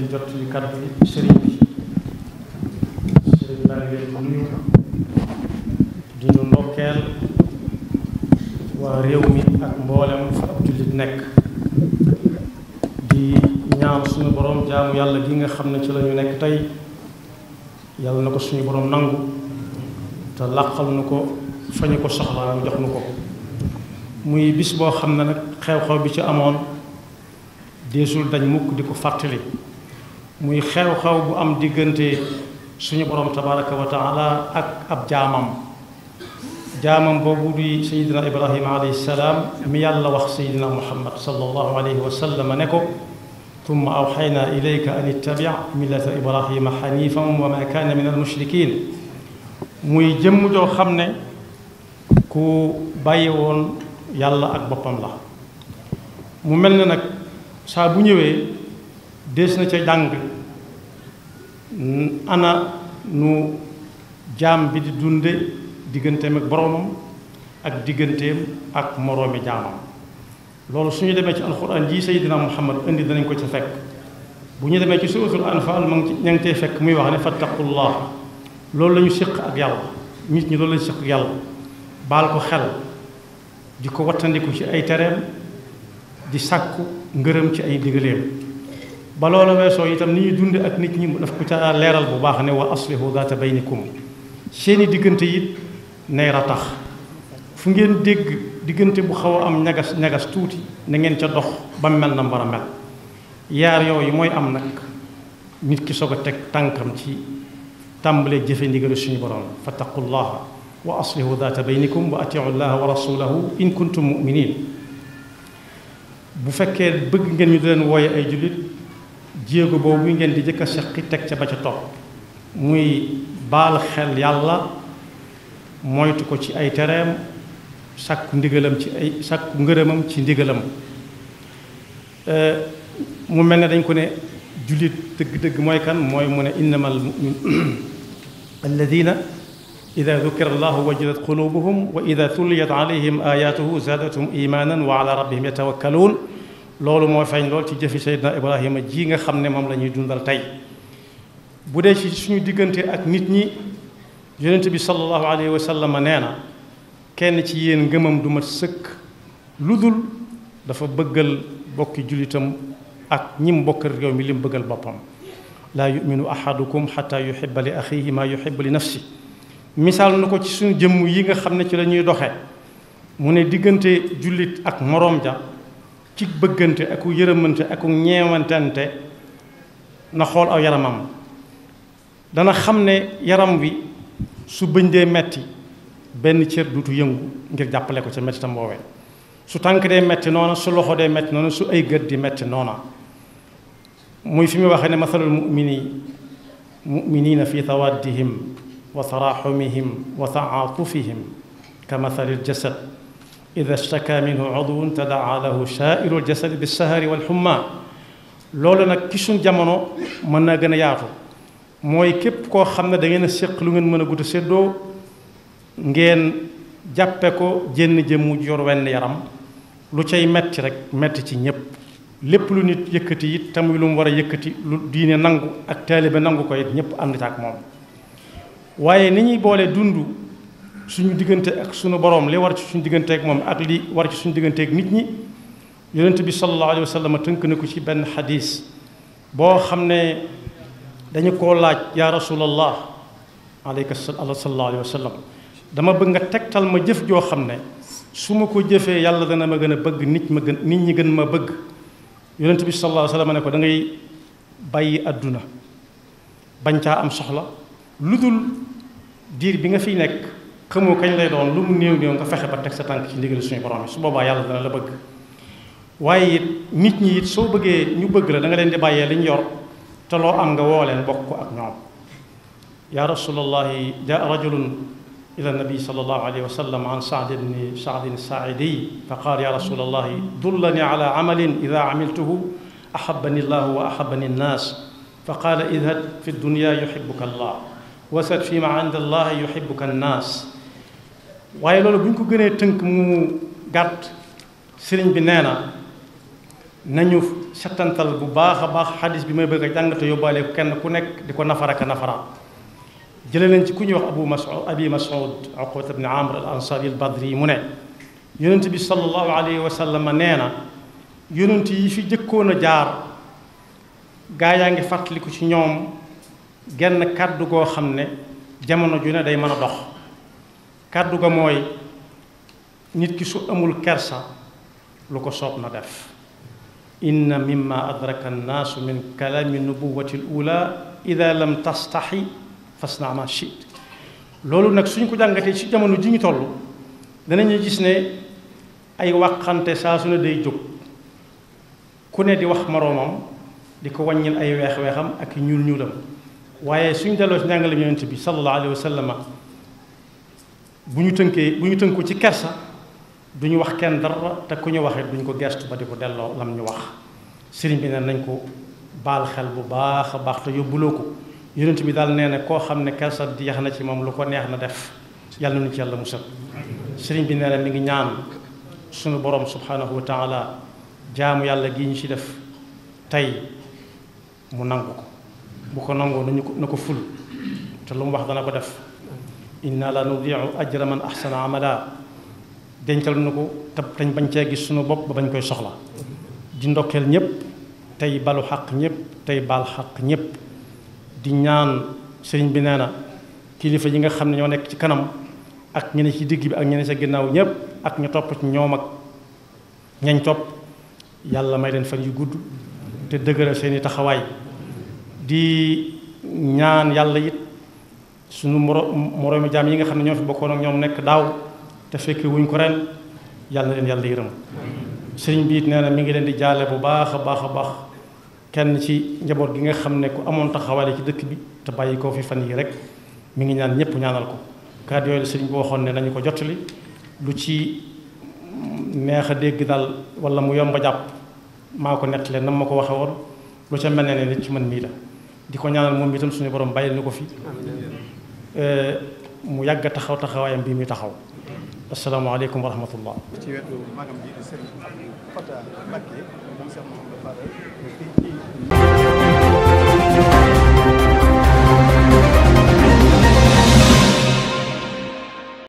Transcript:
di jot yu kàddu yi sëriñ bi sëriñ baa ngi leen di di nekk di ñaan suñu borom jaamu yàlla gi nga xam ne ci lañu ñu nekk tey yàlla na ko suñu boroom nangu te làqal nu ko fa ñu ko soxlaa mu jox nu ko muy bis boo xam ne nag xew-xew bi ci amoon deesul dañ mukk di ko fàttali muy xew-xew bu am diggante suñu borom tabaraka wa taala ak ab jaamam jaamam boobu di sayidina ibrahima alayhi salaam mi yàlla wax sayidina muhammad sallallahu alayhi wa sallam ne ko tumma awxayna ilayka an ittabi' millata ibrahima xanifan wa ma kaana min almushrikin muy jëmm joo xam ne ku bàyyi woon yàlla ak boppam la mu mel ne nag saa bu ñëwee des na ca jàng ana nu jaam bi di dunde digganteem ak boroomam ak digganteem ak moroomi jaamam loolu su ñu demee ci alxuraan ji sayyidina muhammad indi danañ ko ci fekk bu ñu demee ci suuratul anfaal ma ngi ña ngi tey fekk muy wax ne fattaqullah loolu lañu ñu séq ak yàlla nit ñi loolu la ñu séq ak yàlla baal ko xel di ko wattandiku ci ay tereem di sàkku ngërëm ci ay digaleem ba loola weesoo itam ni ñuy dunde ak nit ñi daf ko ca leeral bu baax ne wa aslihu daata baynikum seeni diggante it nay ratax fu ngeen dégg diggante bu xaw a am ñagas ñagas tuuti na ngeen ca dox ba mel na mbar a mel yaar yooyu mooy am nag nit ki soog a teg tànkam ci tàmbalee jëfe ndigalu suñu borom fattaqullaha wa aslihu daata baynikum wa atiu llaha wa rasulahu in kuntum muminin bu fekkee bëgg ngeen ñu di leen wooye ay jullit jéego boobu ngeen di jëkk a seqi teg ca ba ca topp muy baal xel yàlla moytu ko ci ay tereem sàkku ndigalam ci ay sàkku ngërëmam ci ndigalam euh, mu mel ne dañ ko ne jullit dëgg-dëgg mooy kan mooy mu ne innamal mu'min alladina ida dukira allahu wajadat qulubuhum wa ida tuliyat alayhim ayatuhu zaadathum imanan wa rabbihim yatawakkaluun loolu moo feeñ lool ci jëfi Seydina Ibrahima ji nga xam ne moom la ñuy dundal tey bu dee ci suñu diggante ak nit ñi yonent bi sallallahu alayhi wa sallam nee na kenn ci yéen ngëmam du mat sëkk lu dul dafa bëggal bokki jullitam ak ñim bokk réew mi lim bëggal boppam laa yuminu ahadukum xata yuhiba li axihi maa yuhibu li nafsi misaal na ko ci suñu jëmm yi nga xam ne ci lañuy ñuy doxe mu ne diggante jullit ak moroom ja ci bëggante aku ku yërëmante ak ku na xool aw yaramam dana xam ne yaram wi su bëñ dee metti benn cër duutu yëngu ngir jàppale ko ca metti tam boobee su tànk dee metti noona su loxo dee metti noona su ay gët di metti noona muy fi mu waxee ne masalul mumini muminina fi tawaddihim wa taraxumihim wa taatufihim ka masalil jasad ida shtaka minhu udwun tadaa lahu shaairu aljasadi bilsahari walxumma loolu nag ci suñ jamono mën naa gën a yaatu mooy képp koo xam ne da ngeen a lu ngeen mën a gudd séddoo ngeen jàppe ko jénn jëmmu yor wenn yaram lu cay metti rek metti ci ñépp lépp lu nit yëkkati it tamuy lu mu war a yëkkati lu diine nangu ak taalibe nangu ko it ñépp ànd ak moom waaye ni ñuy boole dund suñu diggante ak suñu borom li war ci suñu diggante ak moom ak li war ci suñu diggante ak nit ñi yonent bi sallallahu alayhi wa sallam tënk na ko ci benn xadiis boo xam ne dañu ko laaj yaa rasulallah aleyka sallallahu alayhi wa sallam dama bëgg nga tegtal ma jëf joo xam ne su ma ko jëfee yàlla dana ma gën a bëgg nit ma gën nit ñi gën ma bëgg yonent bi sallallahu alayhi wa ne ko dangay ngay bàyyi àdduna bañ am soxla lu dul diir bi nga fi nekk xamoo kañ lay doon lu mu néew néew nga fexe ba teg sa tànk ci ndigal suñu borom yi su boobaa la bëgg waaye it nit ñi soo bëggee ñu bëgg la da nga leen di bàyyee liñ yor te loo am nga woo leen bokk ko ak ñoom yaa rasulallahi jaa rajulun ila nabi sallallahu alayhi wa sallam an saad ibni saadin saaidi fa qaal ya rasulallahi dullani ala amalin ida amiltuhu ahabani llahu wa ahabani nnaas fa qaala idhab fi dunya yuhibuka allah wasat fi ma inda allahi yuhibuka nnaas waaye loolu bu ñu ko gënee tënk mu gàtt sëriñ bi nee na nañu settantal bu baax a baax xadis bi may bëgg a jàng te yóbbaale kenn ku nekk di ko nafara ka nafara nañ ci ku ñuy wax abu mas'ud abi mas'ud uqbat ibn amr al ansari al badri yi mu ne yonent bi sallallahu alayhi wa sallam nee na yonent yi fi jëkkoon a jaar gaa yaa ngi fàttaliku ci ñoom genn kàddu goo xam ne jamono ju ne day mën a dox kàddu ga mooy nit ki su amul kersa lu ko soob na def inna mimma adraka annaasu min kalaami nubuwati l ula ida lam tastaxi fasna ma shit loolu nag suñ ko jàngatee ci jamono ji ñu toll danañu gis ne ay waxante saa su ne day jóg ku ne di wax moroomam di ko wàññil ay weex-weexam ak ñuul ñuulam waaye suñ delloo ci njàngale yonent bi sallallahu alayhi wa bu ñu tënkee bu ñu ko ci kersa du ñu wax kenn dara te ku ñu waxee duñ ko gestu ba di ko delloo lam ñu wax sëriñ bi ne nañ ko baal xel bu baax a baax te yóbbuloo ko yonent bi daal nee na koo xam ne kersa di yax na ci moom lu ko neex na def yàlla nu ci yàlla musal sëriñ bi nee na mi ngi ñaan sunu borom subhanahu wa taala jaamu yàlla gi ñu ci def tey mu nangu ko bu ko nangoo nañu ko ko ful te lu mu wax dana ko def inna la nudiu ajra man ahsana amala dencal na ko te dañ bañ cee gis suñu bopp ba bañ koy soxla di ndokkeel ñëpp tey balu xaq ñépp tey bal xaq ñépp di ñaan sëriñ bi nee kilifa yi nga xam ne ñoo nekk ci kanam ak ñene ci digg bi ak ñene sa ginnaaw ñëpp ak ñu topp ci ñoom ak ñañ topp yàlla may leen fan yu gudd te dëgëral seeni taxawaay di ñaan yàlla it suñu moro moroomi jaam yi nga xam ne ñoo fi bokkoon ak ñoom nekk daaw te fekkee wuñ ko ren yàlla na leen yàlla yërëm sëriñ bi it na mi ngi leen di jaale bu baax a baax a baax kenn ci njaboot gi nga xam ne ku amoon taxawaale ci dëkk bi te bàyyi koo fi fan rek mi ngi ñaan ñëpp ñaanal ko kàddu yooyu la ne nañu ko jottali lu ci neex a dégg daal wala mu yomb a jàpp maa ko leen nam ma ko waxe woon lu ca mel ne ne nit ci man mii la di ko ñaanal moom itam suñu borom bàyyil ni ko fi mu yàgg a taxaw taxawaayam bi muy taxaw asalaamaaleykum wa rahmatullah ci wetu magam ji di Sëriñ Fata Mbakke moom Cheikh Mouhamadou Fadal